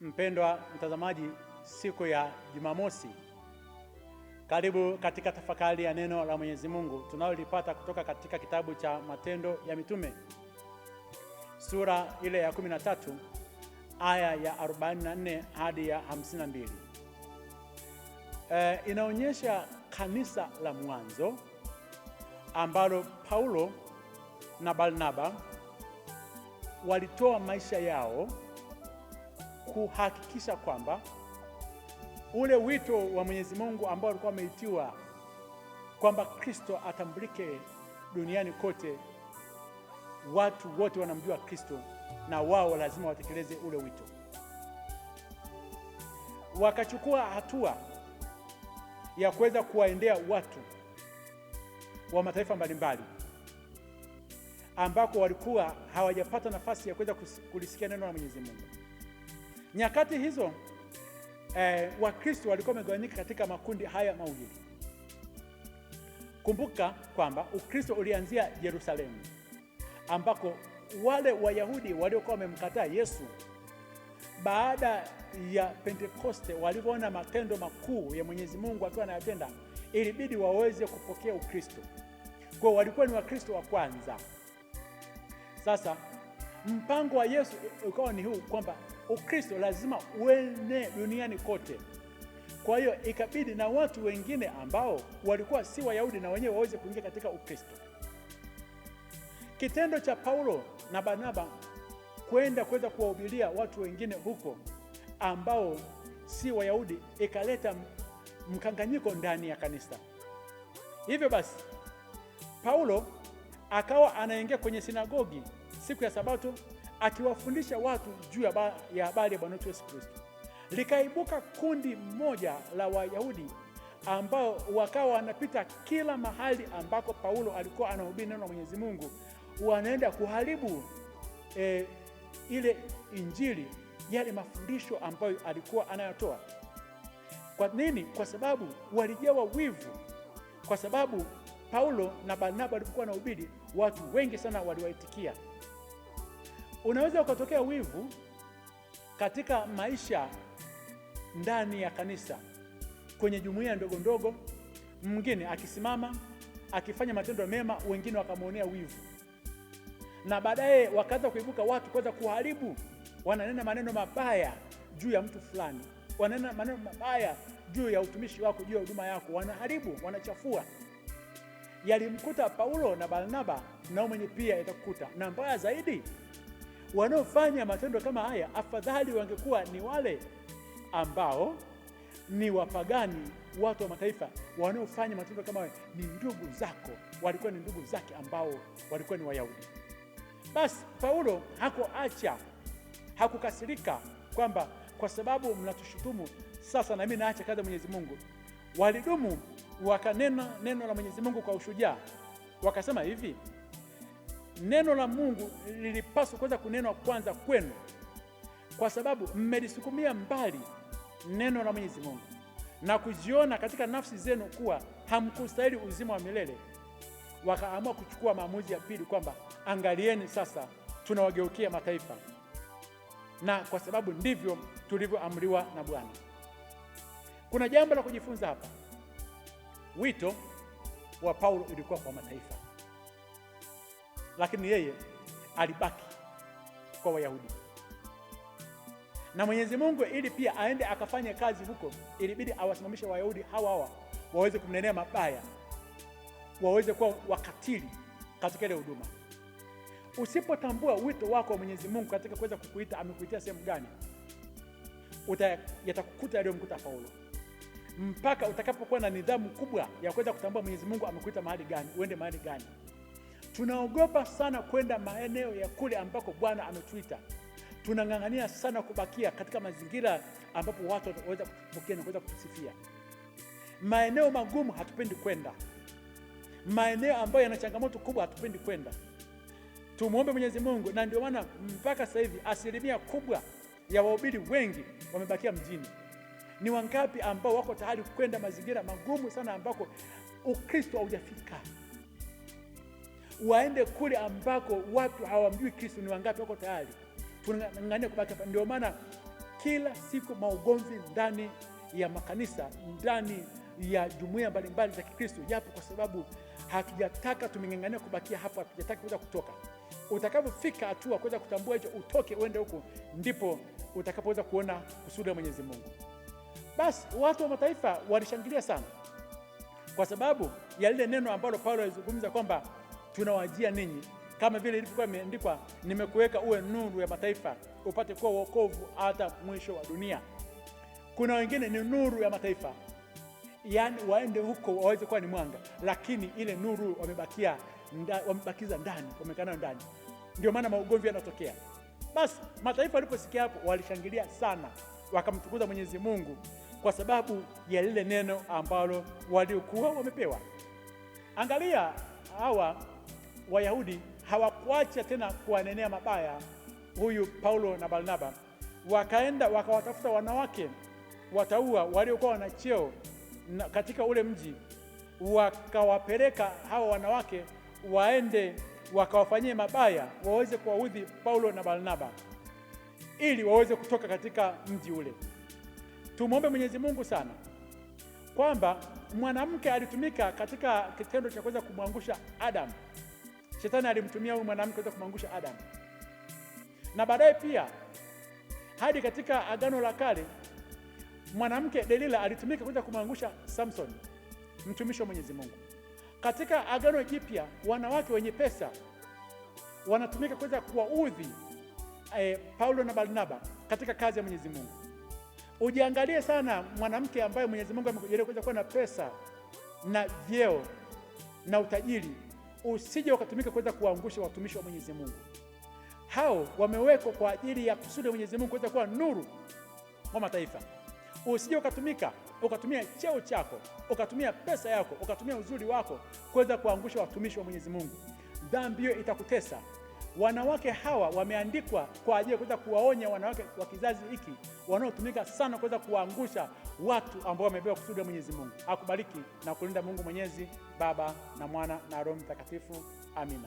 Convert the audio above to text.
Mpendwa mtazamaji, siku ya Jumamosi, karibu katika tafakari ya neno la Mwenyezi Mungu tunalolipata kutoka katika kitabu cha Matendo ya Mitume sura ile ya 13 aya ya 44 hadi ya 52. E, inaonyesha kanisa la mwanzo ambalo Paulo na Barnaba walitoa maisha yao kuhakikisha kwamba ule wito wa Mwenyezi Mungu ambao alikuwa ameitiwa kwamba Kristo atambulike duniani kote, watu wote wanamjua Kristo na wao lazima watekeleze ule wito. Wakachukua hatua ya kuweza kuwaendea watu wa mataifa mbalimbali ambako walikuwa hawajapata nafasi ya kuweza kulisikia neno la Mwenyezi Mungu. Nyakati hizo eh, Wakristo walikuwa wamegawanyika katika makundi haya mawili. Kumbuka kwamba Ukristo ulianzia Yerusalemu ambako wale Wayahudi waliokuwa wamemkataa Yesu baada ya Pentekoste walivyoona matendo makuu ya Mwenyezi Mungu akiwa anayatenda, ilibidi waweze kupokea Ukristo. Kwa walikuwa ni Wakristo wa kwanza. Sasa mpango wa Yesu ukawa ni huu kwamba Ukristo lazima uene duniani kote. Kwa hiyo ikabidi na watu wengine ambao walikuwa si Wayahudi na wenyewe waweze kuingia katika Ukristo. Kitendo cha Paulo na Barnaba kwenda kuweza kuwahubiria watu wengine huko ambao si Wayahudi ikaleta mkanganyiko ndani ya kanisa. Hivyo basi, Paulo akawa anaingia kwenye sinagogi siku ya Sabato akiwafundisha watu juu ya habari ya Bwana wetu Yesu Kristo, likaibuka kundi mmoja la Wayahudi ambao wakawa wanapita kila mahali ambako Paulo alikuwa anahubiri neno la Mwenyezi Mungu, wanaenda kuharibu e, ile Injili, yale mafundisho ambayo alikuwa anayotoa. Kwa nini? Kwa sababu walijawa wivu, kwa sababu Paulo na Barnaba walipokuwa wanahubiri, watu wengi sana waliwaitikia. Unaweza ukatokea wivu katika maisha ndani ya kanisa, kwenye jumuiya ndogo ndogo, mwingine akisimama akifanya matendo mema, wengine wakamwonea wivu, na baadaye wakaanza kuibuka watu kuweza kuharibu, wananena maneno mabaya juu ya mtu fulani, wananena maneno mabaya juu ya utumishi wako, juu ya huduma yako, wanaharibu, wanachafua. Yalimkuta Paulo na Barnaba, nao mwenye pia yatakukuta, na mbaya zaidi Wanaofanya matendo kama haya afadhali wangekuwa ni wale ambao ni wapagani, watu wa mataifa. Wanaofanya matendo kama haya ni ndugu zako, walikuwa ni ndugu zake ambao walikuwa ni Wayahudi. Basi Paulo hakuacha, hakukasirika kwamba kwa sababu mnatushutumu sasa nami naacha kazi ya Mwenyezi Mungu. Walidumu wakanena neno la Mwenyezi Mungu kwa ushujaa, wakasema hivi neno la Mungu lilipaswa kuweza kunenwa kwanza kwenu, kwa sababu mmelisukumia mbali neno la Mwenyezi Mungu na kujiona katika nafsi zenu kuwa hamkustahili uzima wa milele, wakaamua kuchukua maamuzi ya pili kwamba angalieni sasa, tunawageukia mataifa, na kwa sababu ndivyo tulivyoamriwa na Bwana. Kuna jambo la kujifunza hapa. Wito wa Paulo ulikuwa kwa mataifa lakini yeye alibaki kwa Wayahudi na Mwenyezi Mungu, ili pia aende akafanye kazi huko, ilibidi awasimamishe Wayahudi hawa hawa waweze kumnenea mabaya, waweze kuwa wakatili katika ile huduma. Usipotambua wito wako wa Mwenyezi Mungu katika kuweza kukuita, amekuitia sehemu gani, yatakukuta yaliyomkuta Paulo, mpaka utakapokuwa na nidhamu kubwa ya kuweza kutambua Mwenyezi Mungu amekuita mahali gani, uende mahali gani. Tunaogopa sana kwenda maeneo ya kule ambako Bwana ametuita. Tunang'ang'ania sana kubakia katika mazingira ambapo watu wataweza kutupokea na kuweza kutusifia. Maeneo magumu hatupendi kwenda, maeneo ambayo yana changamoto kubwa hatupendi kwenda. Tumwombe Mwenyezi Mungu, na ndio maana mpaka sasa hivi asilimia kubwa ya wahubiri wengi wamebakia mjini. Ni wangapi ambao wako tayari kwenda mazingira magumu sana ambako Ukristo haujafika? waende kule ambako watu hawamjui Kristo. Ni wangapi wako tayari? Tunang'ania kubaki hapa. Ndio maana kila siku maugomvi ndani ya makanisa, ndani ya jumuiya mbalimbali za Kikristo yapo, kwa sababu hatujataka, tumeng'ang'ania kubakia hapa, hatujataka kuweza kutoka. Utakapofika hatua kuweza kutambua hicho, utoke uende huko, ndipo utakapoweza kuona kusudi la Mwenyezi Mungu. Basi watu wa mataifa walishangilia sana, kwa sababu ya lile neno ambalo Paulo alizungumza kwamba tunawajia ninyi, kama vile ilivyokuwa imeandikwa, nimekuweka uwe nuru ya mataifa, upate kuwa wokovu hata mwisho wa dunia. Kuna wengine ni nuru ya mataifa, yaani waende huko waweze kuwa ni mwanga, lakini ile nuru wamebakia nda, wamebakiza ndani, wamekaa nayo ndani, ndio maana maugomvi yanatokea. Basi mataifa waliposikia hapo, walishangilia sana, wakamtukuza Mwenyezi Mungu kwa sababu ya lile neno ambalo waliokuwa wamepewa. Angalia hawa Wayahudi hawakuacha tena kuwanenea mabaya huyu Paulo na Barnaba, wakaenda wakawatafuta wanawake wataua waliokuwa na cheo katika ule mji, wakawapeleka hawa wanawake waende wakawafanyie mabaya, waweze kuwaudhi Paulo na Barnaba ili waweze kutoka katika mji ule. Tumwombe Mwenyezi Mungu sana kwamba mwanamke alitumika katika kitendo cha kuweza kumwangusha Adamu. Shetani alimtumia huyu mwanamke kuweza kumwangusha Adamu, na baadaye pia hadi katika Agano la Kale mwanamke Delila alitumika kuweza kumwangusha Samson, mtumishi wa Mwenyezi Mungu. Katika Agano Jipya wanawake wenye pesa wanatumika kuweza kuwaudhi eh, Paulo na Barnaba katika kazi ya Mwenyezi Mungu. Ujiangalie sana mwanamke ambaye Mwenyezi Mungu amekujalia kuweza kuwa na pesa na vyeo na utajiri usije ukatumika kuweza kuwaangusha watumishi wa Mwenyezi Mungu. Hao wamewekwa kwa ajili ya kusudi Mwenyezi Mungu kuweza kuwa nuru kwa mataifa. Usije ukatumika ukatumia cheo chako ukatumia pesa yako ukatumia uzuri wako kuweza kuangusha watumishi wa Mwenyezi Mungu. Dhambi hiyo itakutesa. Wanawake hawa wameandikwa kwa ajili ya kuweza kuwaonya wanawake wa kizazi hiki wanaotumika sana kuweza kuwaangusha watu ambao wamepewa kusudi Mwenyezi Mungu. Akubariki na kulinda Mungu Mwenyezi, Baba na Mwana na Roho Mtakatifu. Amina.